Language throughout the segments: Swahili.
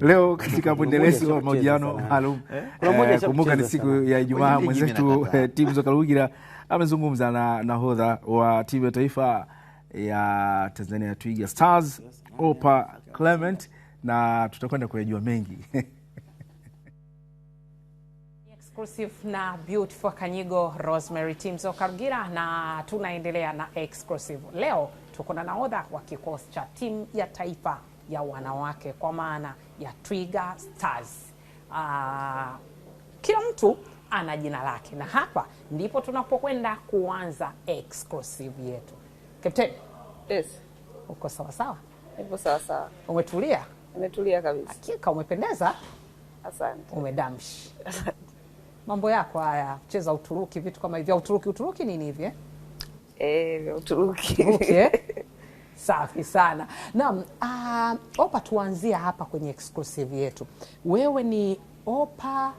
Leo katika mwendelezo wa mahojiano maalum, eh? Eh, kumbuka ni siku ya Ijumaa, mwenzetu za eh, Kalugira amezungumza na nahodha wa timu ya taifa ya Tanzania Twiga Stars Opa Clement, na tutakwenda kuyajua mengi Exclusive na Beautiful Kanyigo Rosemary Timzo Kalugira, na tunaendelea na exclusive. Leo tuko na nahodha wa kikosi cha timu ya taifa ya wanawake kwa maana ya Twiga Stars. Aa, ah, kila mtu ana jina lake, na hapa ndipo tunapokwenda kuanza exclusive yetu. Captain, yes. Uko sawa sawa? Niko sawa sawa. Umetulia? Umetulia kabisa. Hakika umependeza. Asante. Umedamshi. Mambo yako haya, cheza Uturuki, vitu kama hivyo. Uturuki, Uturuki nini hivi eh? Eh, Uturuki. Uturuki eh? Safi sana. Naam, uh, Opa, tuanzia hapa kwenye exclusive yetu. Wewe ni Opa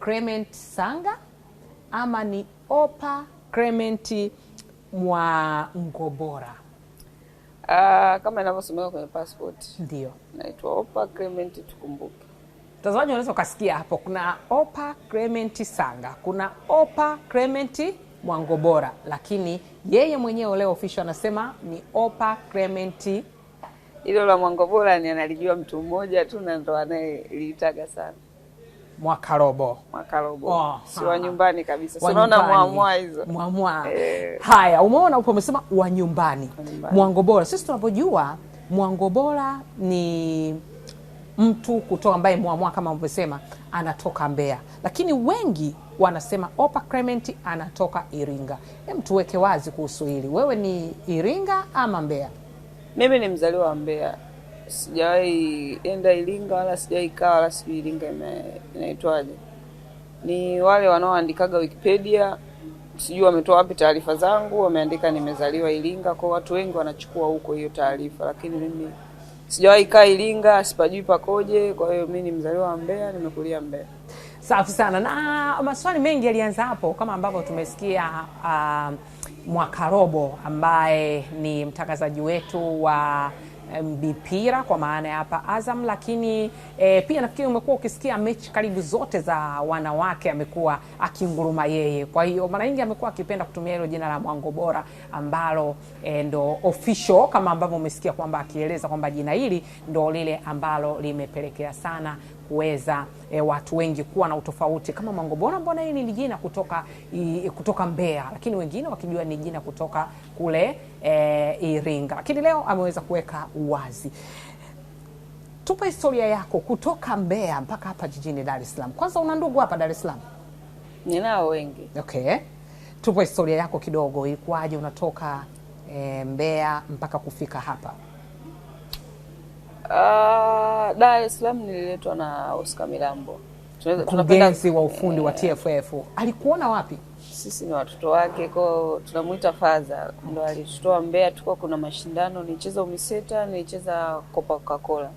Clement Sanga ama ni Opa Clement mwa Ngobora? Uh, ah, kama inavyosomeka kwenye passport. Ndio. Naitwa Opa Clement Tukumbuke. Mtazamaji, unaweza ukasikia hapo kuna Opa Clement Sanga, kuna Opa Clement mwango bora, lakini yeye mwenyewe leo official anasema ni Opa Clement. Hilo la mwango bora ni analijua mtu mmoja tu na ndo anayeliitaga sana Mwakarobo, Mwakarobo. Oh, si wa nyumbani kabisa, si unaona mwamwa hizo mwamwa eh. Haya, umeona upo umesema wa nyumbani mwango bora, sisi tunapojua mwango bora ni mtu kutoka ambaye mwamwa kama mlivyosema anatoka mbea lakini wengi wanasema Opa Clement anatoka Iringa. Hem, tuweke wazi kuhusu hili, wewe ni Iringa ama mbea Mimi ni mzaliwa wa mbea sijawahi enda Iringa wala sijawahi kaa wala sijui Iringa inaitwaje. Ni wale wanaoandikaga Wikipedia, sijui wametoa wapi taarifa zangu, wameandika nimezaliwa Iringa, kwao watu wengi wanachukua huko hiyo taarifa, lakini mimi sijawahi kaa Iringa, sipajui pakoje. Kwa hiyo mi ni mzaliwa wa Mbeya, nimekulia Mbeya. Safi sana. Na ah, maswali mengi yalianza hapo kama ambavyo tumesikia uh, Mwakarobo ambaye ni mtangazaji wetu wa uh, mpira kwa maana ya hapa Azam, lakini e, pia nafikiri umekuwa ukisikia mechi karibu zote za wanawake amekuwa akinguruma yeye. Kwa hiyo mara nyingi amekuwa akipenda kutumia hilo jina la Mwango Bora ambalo e, ndo official kama ambavyo umesikia kwamba akieleza kwamba jina hili ndo lile ambalo limepelekea sana kuweza e, watu wengi kuwa na utofauti kama Mangobora, mbona hii ni jina kutoka, i, kutoka Mbeya, lakini wengine wakijua ni jina kutoka kule e, Iringa, lakini leo ameweza kuweka uwazi. Tupa historia yako kutoka Mbeya mpaka hapa jijini Dar es Salaam. Kwanza una ndugu hapa Dar es Salaam? Ninao wengi. Okay, tupa historia yako kidogo, ilikuwaje unatoka e, Mbeya mpaka kufika hapa? Ah, Dar es Salaam nililetwa na Oscar Milambo, mkurugenzi wa ufundi wa TFF. Alikuona wapi? Sisi ni watoto wake, kwao tunamuita faza. Ndo alitutoa Mbeya, Tuko kuna mashindano, nilicheza UMISETA, nilicheza Coca-Cola,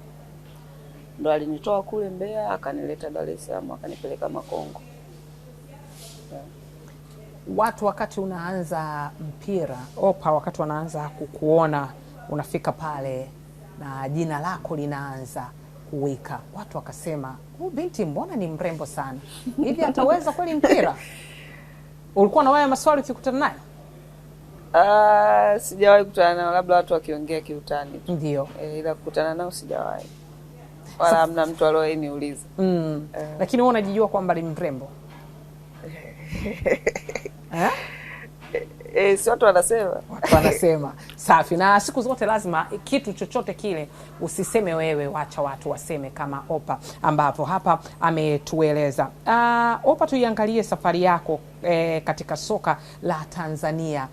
ndo alinitoa kule Mbeya akanileta Dar es Salaam, akanipeleka Makongo. Yeah. Watu wakati unaanza mpira opa, wakati wanaanza kukuona unafika pale na jina lako linaanza kuwika. Watu wakasema huu oh, binti mbona ni mrembo sana hivi, ataweza kweli mpira? Ulikuwa na waya maswali ukikutana naye? Uh, ah, sijawahi kukutana nao, labda watu wakiongea kiutani tu ndio, e, ila kukutana nao sijawahi wala hamna mtu aliyewahi niuliza. mm. Uh, lakini wewe unajijua kwamba ni mrembo eh? eh, si watu wanasema, watu wanasema. Safi. Na siku zote lazima eh, kitu chochote kile usiseme wewe, wacha watu waseme, kama Opa ambapo hapa ametueleza. Uh, Opa, tuiangalie safari yako eh, katika soka la Tanzania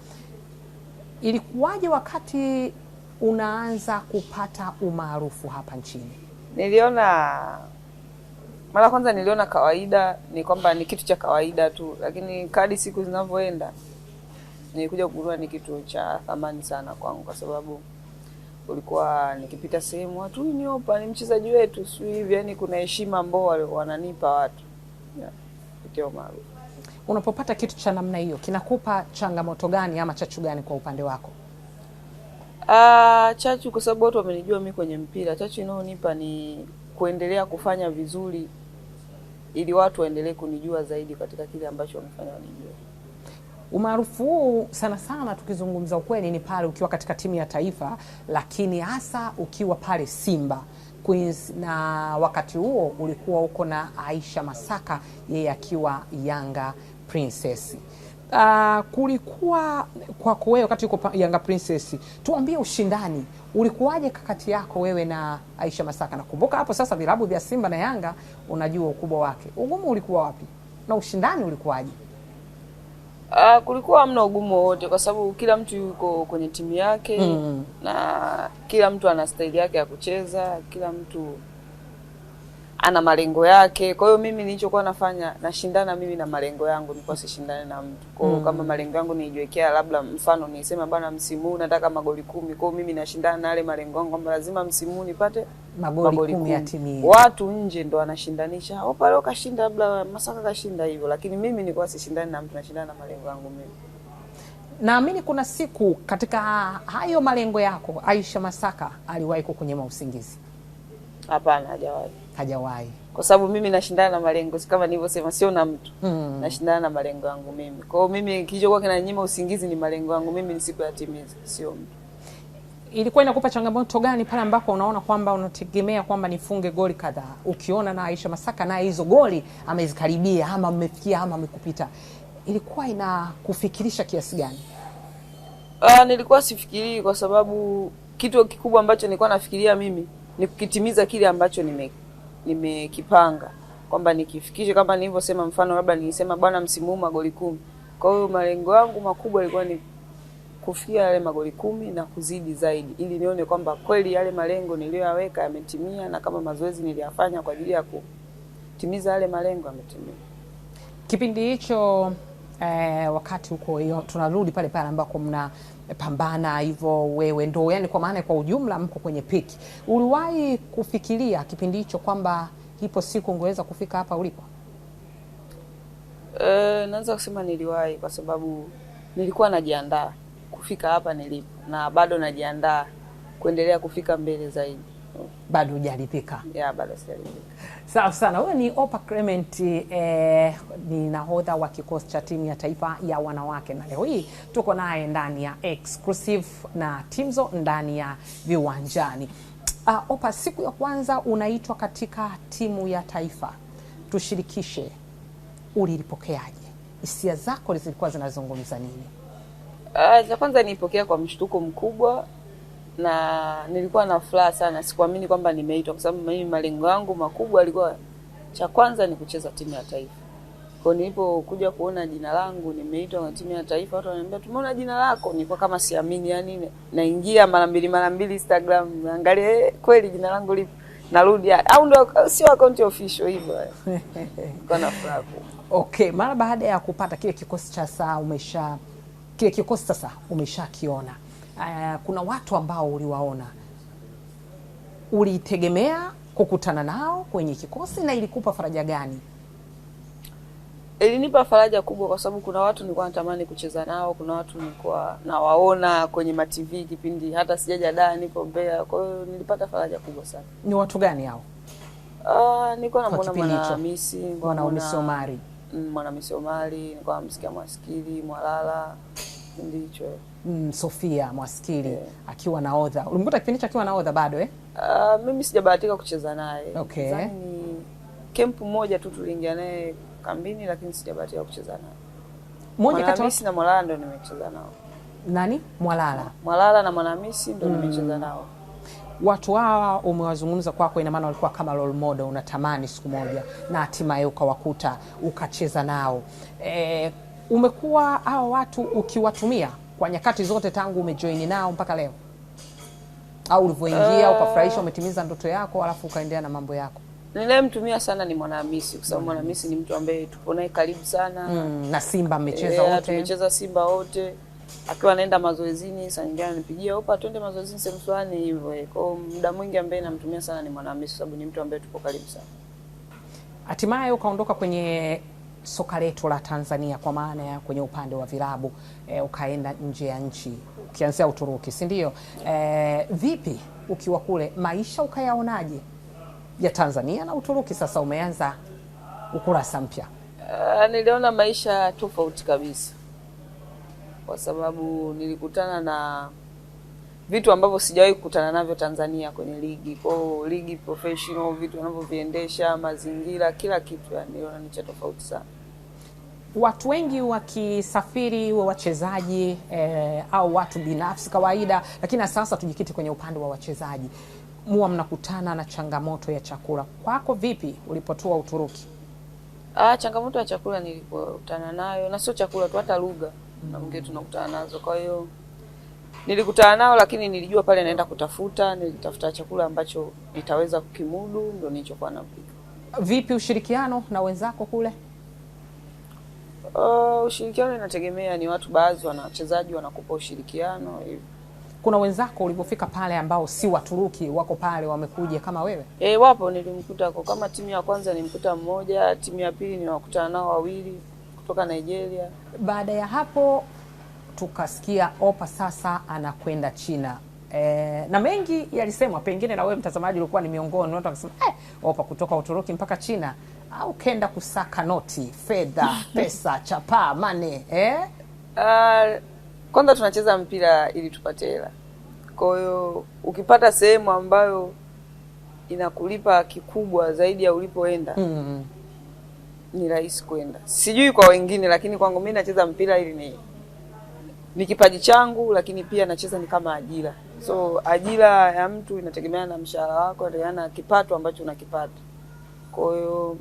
ilikuwaje wakati unaanza kupata umaarufu hapa nchini? Niliona mara kwanza, niliona kawaida, ni kwamba ni kitu cha kawaida tu, lakini kadi siku zinavyoenda nilikuja kugundua ni kitu cha thamani sana kwangu, kwa sababu ulikuwa nikipita sehemu watu huyu ni Opa, ni mchezaji wetu, sio hivi. Yani kuna heshima ambao wananipa watu kupitia umaarufu. Unapopata kitu cha namna hiyo kinakupa changamoto gani ama chachu gani kwa upande wako? Ah, chachu kwa sababu watu wamenijua mimi kwenye mpira, chachu inayonipa ni kuendelea kufanya vizuri ili watu waendelee kunijua zaidi katika kile ambacho wamefanya wanijua. Umaarufu huu sana sana, tukizungumza ukweli, ni pale ukiwa katika timu ya taifa, lakini hasa ukiwa pale Simba Queens, na wakati huo ulikuwa uko na Aisha Masaka, yeye akiwa Yanga Princess. Uh, kulikuwa kwako wewe wakati uko Yanga Princess, tuambie ushindani ulikuwaje kati yako wewe na Aisha Masaka? Nakumbuka hapo sasa vilabu vya Simba na Yanga, unajua ukubwa wake. Ugumu ulikuwa wapi na ushindani ulikuwaje? Uh, kulikuwa hamna ugumu wowote kwa sababu kila mtu yuko kwenye timu yake mm. na kila mtu ana staili yake ya kucheza, kila mtu ana malengo yake. Kwa hiyo mimi nilichokuwa nafanya nashindana mimi na malengo yangu, nilikuwa sishindane na mtu. Kwa hiyo mm. kama malengo yangu nijiwekea, labda mfano nisema bana, msimu huu nataka magoli kumi. Kwa hiyo mimi nashindana na yale malengo yangu kwamba lazima msimu huu nipate magoli, magoli kumi yatimie. Watu nje ndo wanashindanisha, au oh, pale kashinda, labda Masaka kashinda hivyo, lakini mimi nilikuwa sishindane na mtu, nashindana na malengo yangu mimi. Naamini kuna siku katika hayo malengo yako Aisha Masaka aliwahi kukunyima usingizi? Hapana, hajawahi hajawahi kwa sababu mimi nashindana na malengo, kama nilivyosema, sio na mtu mm. nashindana na malengo yangu mimi. Kwa hiyo mimi kilichokuwa kinanyima usingizi ni malengo yangu mimi nisipoyatimiza, sio mtu. Ilikuwa inakupa changamoto gani pale ambapo unaona kwamba unategemea kwamba nifunge goli kadhaa, ukiona na Aisha Masaka naye hizo goli amezikaribia ama mmefikia ama amekupita, ilikuwa inakufikirisha kiasi gani? Uh, nilikuwa sifikirii, kwa sababu kitu kikubwa ambacho nilikuwa nafikiria mimi ni kukitimiza kile ambacho nime nimekipanga kwamba nikifikishe kama nilivyosema, mfano labda nilisema bwana, msimu huu magoli kumi. Kwa hiyo malengo yangu makubwa yalikuwa ni kufikia yale magoli kumi na kuzidi zaidi, ili nione kwamba kweli yale malengo niliyoyaweka yametimia, na kama mazoezi niliyafanya kwa ajili ya kutimiza yale malengo yametimia. Kipindi hicho eh, wakati huko tunarudi pale pale ambako mna pambana hivyo wewe ndo, yani kwa maana kwa ujumla mko kwenye piki. Uliwahi kufikiria kipindi hicho kwamba ipo siku ungeweza kufika hapa ulipo? E, eh, naweza kusema niliwahi, kwa sababu nilikuwa najiandaa kufika hapa nilipo na bado najiandaa kuendelea kufika mbele zaidi bado hujaridhika? Yeah, bado sijaridhika. Sawa sana. Wewe ni Opa Clement eh, ni nahodha wa kikosi cha timu ya taifa ya wanawake, na leo hii tuko naye ndani ya exclusive na timzo ndani ya Viwanjani. Uh, ah, Opa, siku ya kwanza unaitwa katika timu ya taifa, tushirikishe, ulilipokeaje? Hisia zako zilikuwa zinazungumza nini? Uh, cha kwanza nilipokea kwa mshtuko mkubwa na nilikuwa na furaha sana, sikuamini kwamba nimeitwa, kwa sababu mimi malengo yangu makubwa alikuwa cha kwanza ni kucheza timu ya taifa. Kwa nilipokuja kuona jina langu nimeitwa na timu ya taifa, watu wananiambia tumeona jina lako, nilikuwa kama siamini. Yani naingia mara mbili mara mbili Instagram, naangalia eh, kweli jina langu lipo, narudi au ndio sio account official hivyo. Eh. Kwa na furaha. Okay, mara baada ya kupata kile kikosi cha saa umesha kile kikosi sasa umeshakiona uh, kuna watu ambao uliwaona ulitegemea kukutana nao kwenye kikosi na ilikupa faraja gani? Ilinipa faraja kubwa, kwa sababu kuna watu nilikuwa natamani kucheza nao, kuna watu nilikuwa nawaona kwenye mativi kipindi hata sijaja da, niko Mbeya. Kwa hiyo nilipata faraja kubwa sana. Ni watu gani hao? Uh, nilikuwa namwona Mwanahamisi, Mwanahamisi Omari, Mwanahamisi Omari, nilikuwa namsikia Mwasikili Mwalala ndicho mm, Sofia Mwaskili yeah. akiwa na odha. Ulimkuta kipindi cha akiwa na odha bado eh? Uh, mimi sijabahatika kucheza naye. Okay. Zani kempu moja tu tuliingia naye kambini, lakini sijabahatika kucheza naye. Moja kati ya na Mwalala ndio nimecheza nao. Nani? Mwalala. Mwalala na Mwanamisi ndio mm. nimecheza nao. Watu hawa umewazungumza kwako, ina maana walikuwa kama role model, unatamani siku moja na hatimaye ukawakuta ukacheza nao. E, umekuwa hawa watu ukiwatumia kwa nyakati zote tangu umejoini nao mpaka leo, au ulivyoingia uh, ukafurahisha umetimiza ndoto yako alafu ukaendelea na mambo yako? Ninayemtumia sana ni Mwanahamisi kwa sababu mm. Mwanahamisi ni mtu ambaye tupo naye karibu sana mm, na Simba mmecheza eh, wote, tumecheza Simba wote akiwa anaenda mazoezini, saa nyingine ananipigia opa, twende mazoezini sehemu fulani hivyo. Kwa muda mwingi ambaye namtumia sana ni Mwanahamisi, sababu ni mtu ambaye tupo karibu sana. Hatimaye ukaondoka kwenye soka letu la Tanzania kwa maana ya kwenye upande wa vilabu e, ukaenda nje ya nchi ukianzia Uturuki, si ndio? E, vipi ukiwa kule maisha ukayaonaje ya Tanzania na Uturuki? Sasa umeanza ukurasa mpya. Uh, niliona maisha tofauti kabisa, kwa sababu nilikutana na vitu ambavyo sijawahi kukutana navyo Tanzania kwenye ligi. Kwa ligi professional, vitu wanavyoviendesha, mazingira, kila kitu yani ni cha tofauti sana watu wengi wakisafiri wa wachezaji eh, au watu binafsi kawaida, lakini sasa tujikite kwenye upande wa wachezaji, muwa mnakutana na changamoto ya chakula. Kwako vipi ulipotua Uturuki? Ah, changamoto ya chakula nilikutana nayo, na sio chakula tu, hata lugha mm. na naongea tunakutana nazo. Kwa hiyo nilikutana nao, lakini nilijua pale naenda kutafuta, nilitafuta chakula ambacho nitaweza kukimudu, ndio nilichokuwa napika. Vipi ushirikiano na wenzako kule? Uh, ushirikiano inategemea ni watu baadhi wana wachezaji wanakupa ushirikiano hivi. Kuna wenzako ulipofika pale ambao si Waturuki wako pale wamekuja kama wewe? E, wapo nilimkuta kwa kama timu ya kwanza nilimkuta mmoja, timu ya pili niwakutana nao wawili kutoka Nigeria. Baada ya hapo tukasikia Opa sasa anakwenda China. E, na mengi yalisemwa, pengine na wewe mtazamaji ulikuwa ni miongoni watu wakasema, eh, Opa kutoka Uturuki mpaka China kenda kusaka noti, fedha, pesa, chapaa, mane eh? Uh, kwanza tunacheza mpira ili tupate hela. Kwa hiyo ukipata sehemu ambayo inakulipa kikubwa zaidi ya ulipoenda mm -hmm. ni rahisi kwenda. Sijui kwa wengine, lakini kwangu mimi nacheza mpira ili ni ni kipaji changu, lakini pia nacheza ni kama ajira. So ajira ya mtu inategemeana na mshahara wako, inategemeana na kipato ambacho unakipata. Kwa hiyo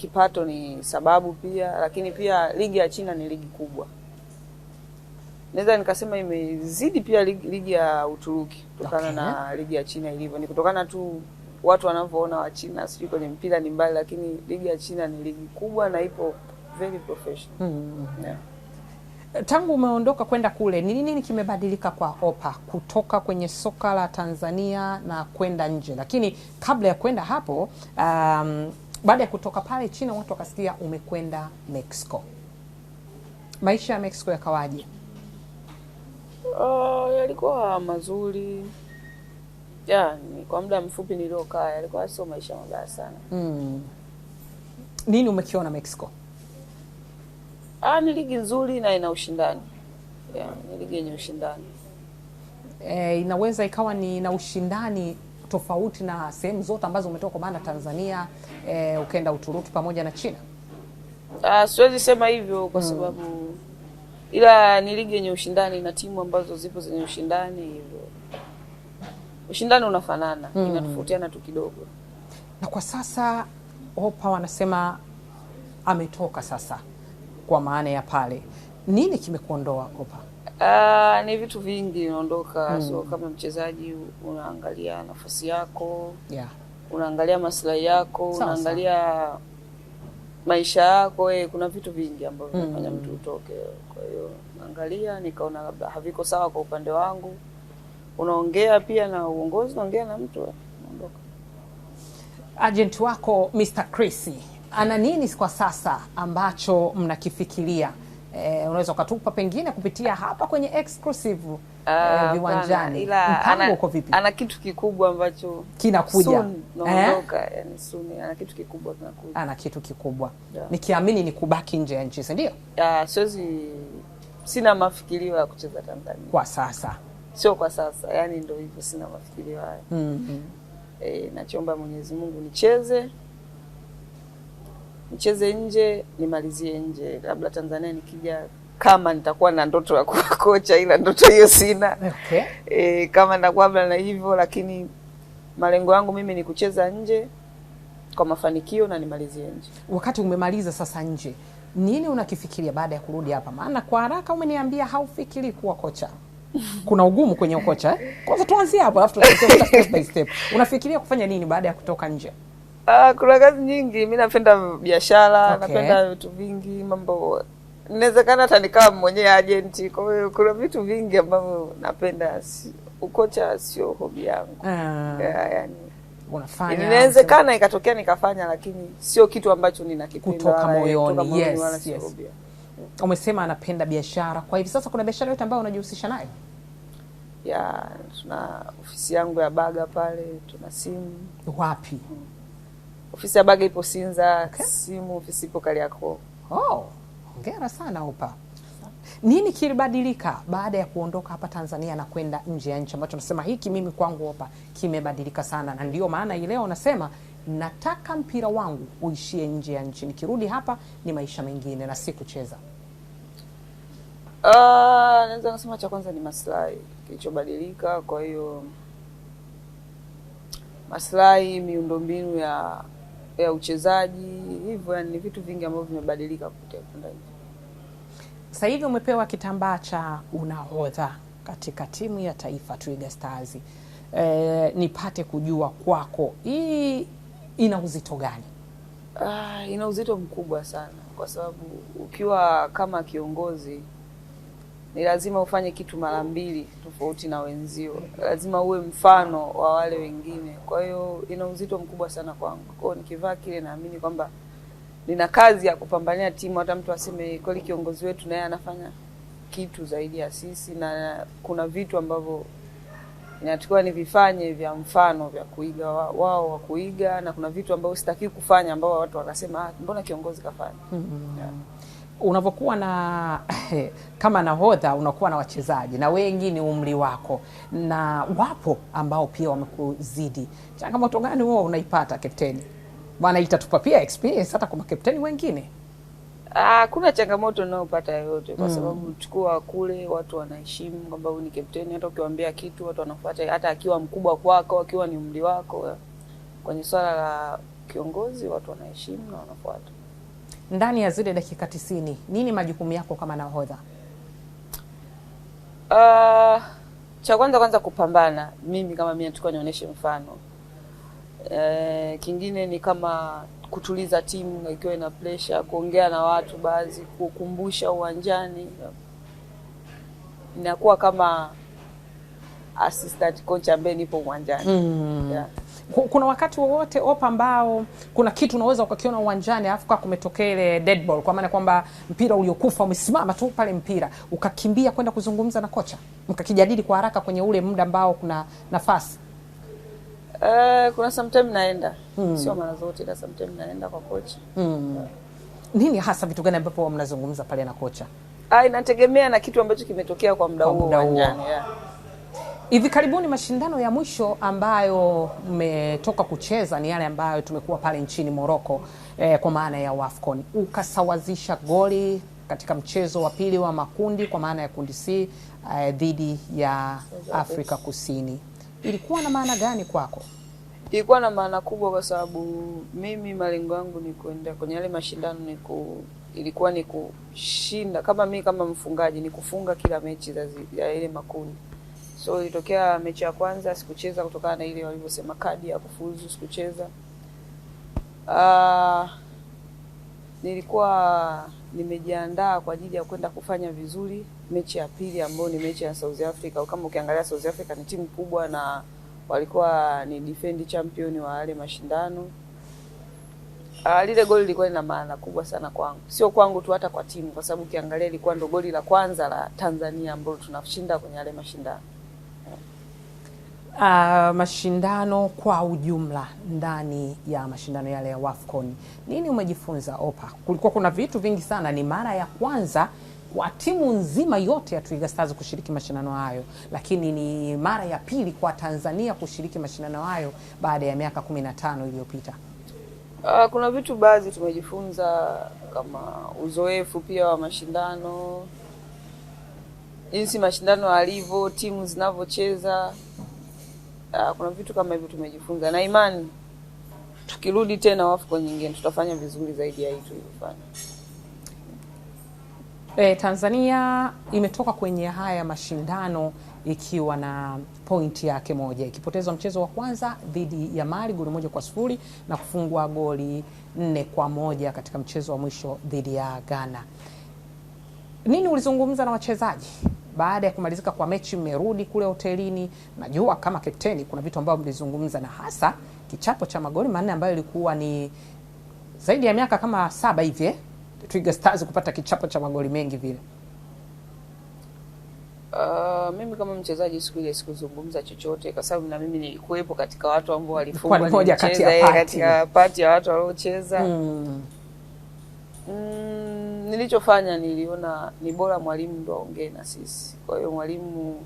kipato ni sababu pia, lakini pia ligi ya China ni ligi kubwa, naweza nikasema imezidi pia ligi, ligi ya Uturuki kutokana okay. na ligi ya China ilivyo, ni kutokana tu watu wanavyoona china sijui kwenye mpira ni mbali, lakini ligi ya China ni ligi kubwa na ipo very professional mm -hmm. yeah. Tangu umeondoka kwenda kule, ni nini kimebadilika kwa opa kutoka kwenye soka la Tanzania na kwenda nje? Lakini kabla ya kwenda hapo um, baada ya kutoka pale China, watu wakasikia umekwenda Mexico. Maisha ya Mexico yakawaje? Uh, yalikuwa mazuri ya, yaani, kwa muda mfupi niliokaa yalikuwa sio maisha mabaya sana. Mm. Nini umekiona Mexico? Ah, ni ligi nzuri na ina ushindani. yeah, yaani, ni ligi yenye ushindani. Eh, inaweza ikawa ni na ushindani tofauti na sehemu zote ambazo umetoka, kwa maana Tanzania e, eh, ukenda Uturuki pamoja na China? Uh, siwezi sema hivyo kwa hmm. sababu mm. ila ni ligi yenye ushindani na timu ambazo zipo zenye ushindani, hivyo ushindani unafanana mm. inatofautiana tu kidogo. Na kwa sasa Hopa wanasema ametoka sasa, kwa maana ya pale, nini kimekuondoa Hopa? Uh, ni vitu vingi unaondoka mm. So kama mchezaji unaangalia nafasi yako yeah. Unaangalia maslahi yako Sao, unaangalia maisha yako eh, kuna vitu vingi ambavyo hmm. vinafanya mm. mtu utoke. Kwa hiyo naangalia nikaona labda haviko sawa kwa upande wangu, unaongea pia na uongozi, unaongea na mtu eh, unaondoka. Agent wako Mr. Chris ana nini kwa sasa ambacho mnakifikiria Eh, unaweza ukatupa pengine kupitia hapa kwenye exclusive uh, eh, ah, viwanjani ana, uko vipi? Ana kitu kikubwa ambacho kinakuja eh? yani soon ana kitu kikubwa kinakuja, ana kitu kikubwa yeah. Nikiamini ni kubaki nje ya nchi, si ndio? Uh, siwezi, sina mafikirio ya kucheza Tanzania kwa sasa, sio kwa sasa, yani ndio hivyo, sina mafikirio hayo mm -hmm. Eh, nachoomba Mwenyezi Mungu nicheze nicheze nje, nimalizie nje, labda Tanzania nikija kama nitakuwa na ndoto ya kuwa kocha, ila ndoto hiyo sina. Okay. E, kama nitakuwa labda na hivyo, lakini malengo yangu mimi ni kucheza nje kwa mafanikio na nimalizie nje. Wakati umemaliza sasa nje, nini unakifikiria baada ya kurudi hapa? Maana kwa haraka umeniambia haufikiri kuwa kocha. Kuna ugumu kwenye ukocha eh? Kwanza tuanzie hapo, alafu tutaenda step by step. Unafikiria kufanya nini baada ya kutoka nje? Ah, kuna kazi nyingi, mi napenda biashara okay. Napenda vitu vingi, mambo inawezekana hata nikawa mwenyewe ajenti. Kwa hiyo kuna vitu vingi ambavyo napenda. Ukocha sio hobi yangu uh, yeah, yani inawezekana ikatokea nikafanya, lakini sio kitu ambacho ninakipenda kutoka moyoni. Yes, yes. Umesema anapenda biashara, kwa hivi sasa kuna biashara yote ambayo unajihusisha nayo? Ya, tuna ofisi yangu ya baga pale, tuna simu. Wapi? hmm. Ofisi ya Baga ipo Sinza, okay. Simu ofisi ipo Kariakoo. Oh, sana upa. Nini kilibadilika baada ya kuondoka hapa Tanzania na kwenda nje ya nchi ambacho nasema hiki mimi kwangu hapa kimebadilika sana, na ndio maana ileo nasema nataka mpira wangu uishie nje ya nchi, nikirudi hapa ni maisha mengine na si kucheza. Uh, ah, naweza kusema cha kwanza ni maslahi kilichobadilika, kwa hiyo maslahi miundombinu ya ya uchezaji hivyo, yani vitu vingi ambavyo vimebadilika kupitia kwenda hivi. Sasa hivi umepewa kitambaa cha unahodha katika timu ya taifa Twiga Stars. E, nipate kujua kwako hii ina uzito gani? Ah, ina uzito mkubwa sana kwa sababu ukiwa kama kiongozi ni lazima ufanye kitu mara mbili tofauti na wenzio, lazima uwe mfano wa wale wengine. Kwa hiyo ina uzito mkubwa sana kwangu. Kwa hiyo nikivaa kile, naamini kwamba nina kazi ya kupambania timu, hata mtu aseme kweli kiongozi wetu naye anafanya kitu zaidi ya sisi, na kuna vitu ambavyo inatakiwa nivifanye vya mfano vya kuiga wao wa kuiga, na kuna vitu ambavyo sitaki kufanya ambao watu wanasema ah, mbona kiongozi kafanya? mm -hmm. yeah unavyokuwa na kama nahodha unakuwa na wachezaji na wengi ni umri wako, na wapo ambao pia wamekuzidi. Changamoto gani wewe unaipata kapteni? Maana itatupa pia experience hata kwa makapteni wengine. Ah, kuna changamoto unayopata yoyote kwa mm. sababu chukua kule watu wanaheshimu kwamba huyu ni kapteni, hata ukiwaambia kitu watu wanafuata, hata akiwa mkubwa kwako, akiwa ni umri wako. Kwenye swala la kiongozi watu wanaheshimu na wanafuata ndani ya zile dakika tisini, nini majukumu yako kama nahodha? Uh, cha kwanza kwanza kupambana, mimi kama mimi natakiwa nionyeshe mfano. Uh, kingine ni kama kutuliza timu ikiwa ina pressure, kuongea na watu baadhi, kukumbusha uwanjani, inakuwa kama assistant coach ambaye nipo uwanjani mm. yeah kuna wakati wowote opa ambao kuna kitu unaweza ukakiona uwanjani alafu kwa kumetokea ile dead ball, kwa maana kwamba mpira uliokufa umesimama tu pale mpira ukakimbia kwenda kuzungumza na kocha mkakijadili kwa haraka kwenye ule muda ambao kuna nafasi? Uh, kuna sometime naenda hmm. Sio mara zote, ila sometime naenda kwa kocha hmm. Nini hasa vitu gani ambapo mnazungumza pale na kocha? Ah, inategemea na kitu ambacho kimetokea kwa muda huo uwanjani yeah. Hivi karibuni mashindano ya mwisho ambayo mmetoka kucheza ni yale ambayo tumekuwa pale nchini Morocco eh, kwa maana ya WAFCON. Ukasawazisha goli katika mchezo wa pili wa makundi kwa maana ya kundi C eh, dhidi ya Afrika Kusini. Ilikuwa na maana gani kwako? Ilikuwa na maana kubwa kwa sababu mimi malengo yangu ni kuenda kwenye yale mashindano ni ku, ilikuwa ni kushinda kama mimi kama mfungaji ni kufunga kila mechi ya ile makundi. So ilitokea mechi ya kwanza sikucheza kutokana na ile walivyosema kadi ya kufuzu, sikucheza. Uh, nilikuwa nimejiandaa kwa ajili ya kwenda kufanya vizuri mechi ya pili ambayo ni mechi ya South Africa. Kama ukiangalia South Africa ni timu kubwa na walikuwa ni defend champion wa yale mashindano. Uh, lile goli lilikuwa lina maana kubwa sana kwangu, sio kwangu tu, hata kwa timu, kwa sababu ukiangalia ilikuwa ndo goli la kwanza la Tanzania ambalo tunashinda kwenye yale mashindano. Uh, mashindano kwa ujumla ndani ya mashindano yale ya Wafcon, nini umejifunza Opa? Kulikuwa kuna vitu vingi sana, ni mara ya kwanza kwa timu nzima yote ya Twiga Stars kushiriki mashindano hayo, lakini ni mara ya pili kwa Tanzania kushiriki mashindano hayo baada ya miaka kumi na tano iliyopita. Uh, kuna vitu baadhi tumejifunza kama uzoefu pia wa mashindano, jinsi mashindano alivyo, timu zinavyocheza uh, kuna vitu kama hivyo tumejifunza, na imani tukirudi tena wafu nyingine tutafanya vizuri zaidi ya hii tulivyofanya. E, Tanzania imetoka kwenye haya mashindano ikiwa na pointi yake moja ikipoteza mchezo wa kwanza dhidi ya Mali goli moja kwa sifuri na kufungwa goli nne kwa moja katika mchezo wa mwisho dhidi ya Ghana nini ulizungumza na wachezaji baada ya kumalizika kwa mechi? Mmerudi kule hotelini, najua kama kapteni kuna vitu ambavyo mlizungumza, na hasa kichapo cha magoli manne ambayo ilikuwa ni zaidi ya miaka kama saba hivi eh, Twiga Stars kupata kichapo cha magoli mengi vile. Uh, mimi kama mchezaji siku ile sikuzungumza chochote kwa sababu na mimi nilikuwepo katika watu ambao walifungwa moja kati ya pati ya watu waliocheza hmm. mm. mm nilichofanya niliona ni bora mwalimu ndo aongee na sisi. Kwa hiyo mwalimu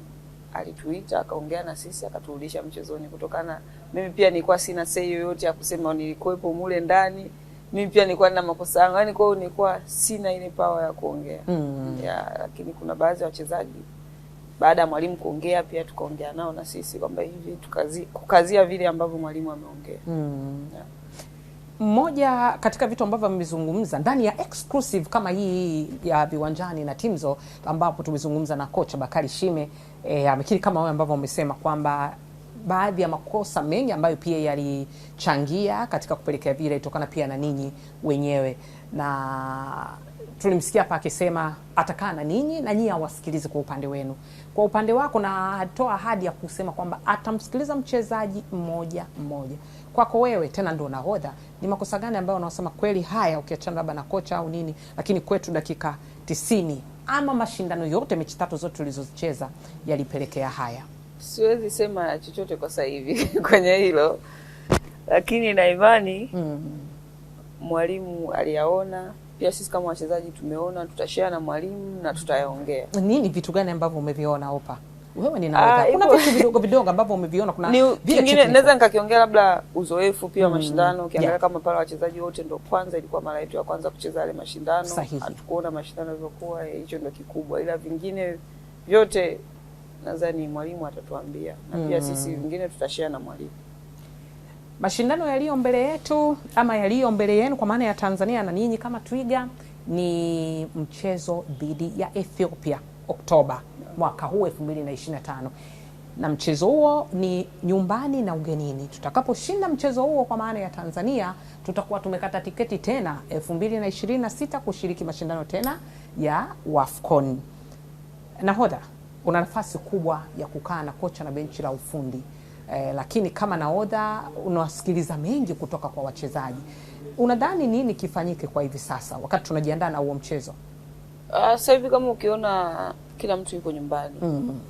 alituita akaongea na sisi akaturudisha mchezoni, kutokana mimi pia nilikuwa sina sei yoyote ya kusema nilikuwepo mule ndani, mimi pia nilikuwa nina makosa yangu, yaani kwa hiyo nilikuwa sina ile power ya kuongea mm. ya, lakini kuna baadhi ya wachezaji baada ya mwalimu kuongea pia tukaongea nao na sisi kwamba hivi tukazi, kukazia vile ambavyo mwalimu ameongea mm. yeah moja katika vitu ambavyo mmezungumza ndani ya exclusive kama hii ya viwanjani na timzo ambapo tumezungumza na kocha Bakari Shime e, amekiri kama wewe ambavyo umesema kwamba baadhi ya makosa mengi ambayo pia yalichangia katika kupelekea vile itokana pia na ninyi wenyewe, na tulimsikia hapa akisema atakaa na ninyi na nyinyi awasikilize kwa upande wenu. Kwa upande wako, na atoa ahadi ya kusema kwamba atamsikiliza mchezaji mmoja mmoja kwako wewe tena ndo nahodha, ni makosa gani ambayo unaosema kweli haya, ukiachana labda na kocha au nini, lakini kwetu dakika tisini ama mashindano yote mechi tatu zote tulizocheza yalipelekea haya? Siwezi sema chochote kwa sasa hivi kwenye hilo, lakini naimani mm -hmm. mwalimu aliyaona pia sisi kama wachezaji tumeona, tutashea na mwalimu na tutayaongea. Nini vitu gani ambavyo umeviona Opa? wewe ninaweka. Ah, kuna vitu vidogo vidogo ambavyo umeviona, kuna vile naweza nikakiongea labda uzoefu pia mm, mashindano ukiangalia yeah. kama pale wachezaji wote ndio kwanza, ilikuwa mara yetu ya kwanza kucheza yale mashindano, hatukuona mashindano yalivyokuwa, eh, hicho ndio kikubwa, ila vingine vyote nadhani mwalimu atatuambia na pia mm. sisi vingine tutashare na mwalimu mashindano yaliyo mbele yetu ama yaliyo mbele yenu kwa maana ya Tanzania na ninyi kama Twiga ni mchezo dhidi ya Ethiopia Oktoba mwaka huu 2025 na mchezo huo ni nyumbani na ugenini. Tutakaposhinda mchezo huo kwa maana ya Tanzania, tutakuwa tumekata tiketi tena 2026 kushiriki mashindano tena ya WAFCON. Nahodha, una nafasi kubwa ya kukaa na kocha na benchi la ufundi eh, lakini kama nahodha unawasikiliza mengi kutoka kwa wachezaji. Unadhani nini kifanyike kwa hivi sasa wakati tunajiandaa na huo mchezo? Ah, sasa hivi kama ukiona kila mtu yuko nyumbani mm.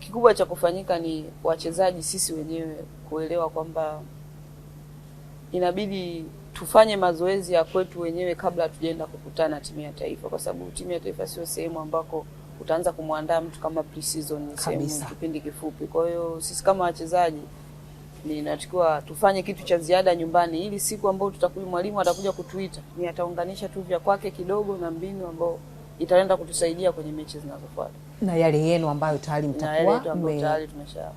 Kikubwa cha kufanyika ni wachezaji sisi wenyewe kuelewa kwamba inabidi tufanye mazoezi ya kwetu wenyewe kabla hatujaenda kukutana timu ya taifa, kwa sababu timu ya taifa sio sehemu ambako utaanza kumwandaa mtu kama pre-season, sehemu kipindi kifupi. Kwa hiyo sisi kama wachezaji ninatakiwa tufanye kitu cha ziada nyumbani, ili siku ambayo tutakuja, mwalimu atakuja kutuita, ni ataunganisha tu vya kwake kidogo na mbinu ambao itaenda kutusaidia kwenye mechi zinazofuata na yale yenu ambayo tayari mtakuwa me... tayari tumesha.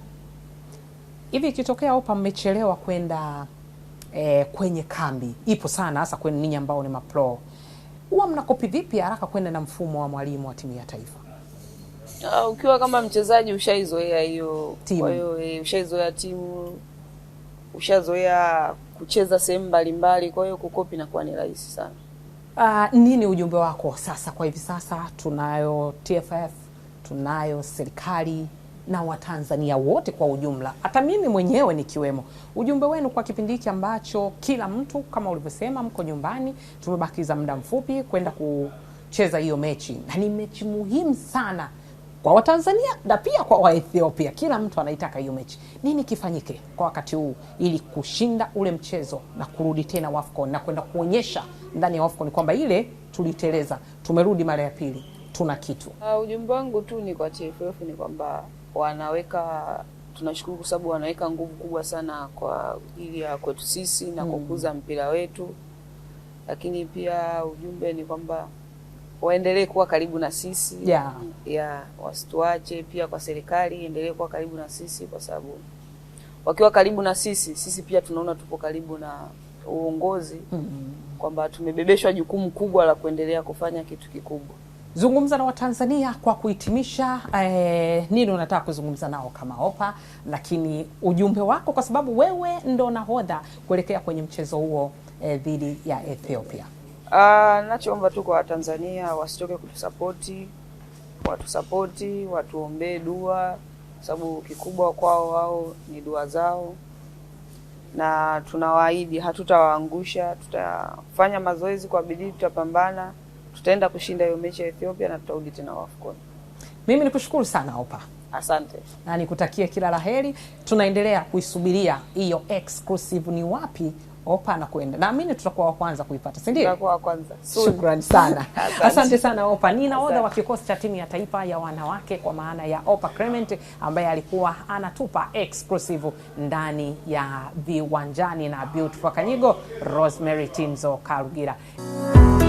Hivi ikitokea OPA mmechelewa kwenda eh, kwenye kambi, ipo sana hasa kwenu ninyi ambao ni mapro, huwa mnakopi vipi haraka kwenda na mfumo wa mwalimu wa timu ya taifa? Uh, ukiwa kama mchezaji ushaizoea hiyo, kwa hiyo eh, ushaizoea timu, ushazoea kucheza sehemu mbalimbali, kwa hiyo kukopi inakuwa ni rahisi sana. Uh, nini ujumbe wako sasa kwa hivi sasa? Tunayo TFF, tunayo serikali na Watanzania wote kwa ujumla, hata mimi mwenyewe nikiwemo. Ujumbe wenu kwa kipindi hiki ambacho kila mtu kama ulivyosema, mko nyumbani, tumebakiza muda mfupi kwenda kucheza hiyo mechi, na ni mechi muhimu sana kwa Watanzania na pia kwa Waethiopia. Kila mtu anaitaka hiyo mechi. Nini kifanyike kwa wakati huu ili kushinda ule mchezo na kurudi tena WAFCON na kwenda kuonyesha ndani ya WAFCON kwamba ile tuliteleza, tumerudi mara ya pili, tuna kitu. Uh, ujumbe wangu tu ni kwa TFF ni kwamba wanaweka tunashukuru kwa sababu wanaweka nguvu kubwa sana kwa ajili ya kwetu sisi na mm. kukuza mpira wetu, lakini pia ujumbe ni kwamba waendelee kuwa karibu na sisi yeah. Yeah, wasituache. Pia kwa serikali endelee kuwa karibu na sisi, kwa sababu wakiwa karibu na sisi, sisi pia tunaona tupo karibu na uongozi mm -hmm. kwamba tumebebeshwa jukumu kubwa la kuendelea kufanya kitu kikubwa. Zungumza na Watanzania kwa kuhitimisha, eh, nini unataka kuzungumza nao kama OPA, lakini ujumbe wako, kwa sababu wewe ndo nahodha kuelekea kwenye mchezo huo eh, dhidi eh, ya Ethiopia. Uh, nachoomba tu kwa Watanzania wasitoke kutusapoti, watusapoti, watuombee dua, sababu kikubwa kwao wao ni dua zao, na tunawaahidi hatutawaangusha, tutafanya mazoezi kwa bidii, tutapambana, tutaenda kushinda hiyo mechi ya Ethiopia na tutarudi tena wafukoni Mimi nikushukuru sana Opa. Asante na nikutakie kila la heri. Tunaendelea kuisubiria hiyo exclusive, ni wapi Opa na kuenda, Naamini tutakuwa wa kwanza kuipata, si ndio? Tutakuwa wa kwanza. Shukrani sana. Asante. sana Opa. Ni nahodha wa kikosi cha timu ya taifa ya wanawake kwa maana ya Opa Clement ambaye alikuwa anatupa exclusive ndani ya viwanjani na Beautiful Kanyigo, Rosemary Timzo Karugira.